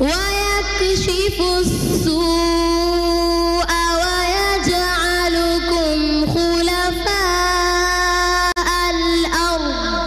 ويكشف السوء ويجعلكم خلفاء الأرض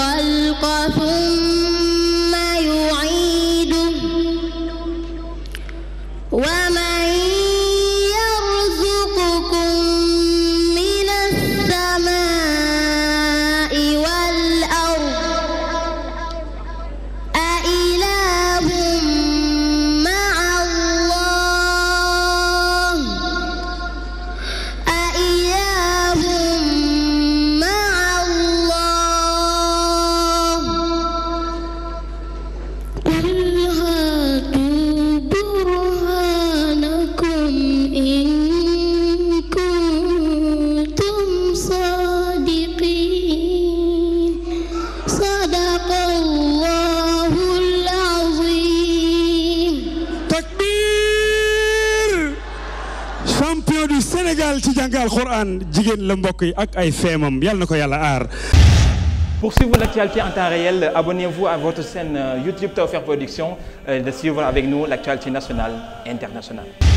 الخلق ثم Sénégal ci jàng alxuraan jigéen la mbokk yi ak ay feemam yàlla na ko yàlla aar. Pour suivre l'actualité en temps réel, abonnez-vous à votre chaîne euh, YouTube Tawfekh Production euh, de suivre avec nous l'actualité nationale et internationale.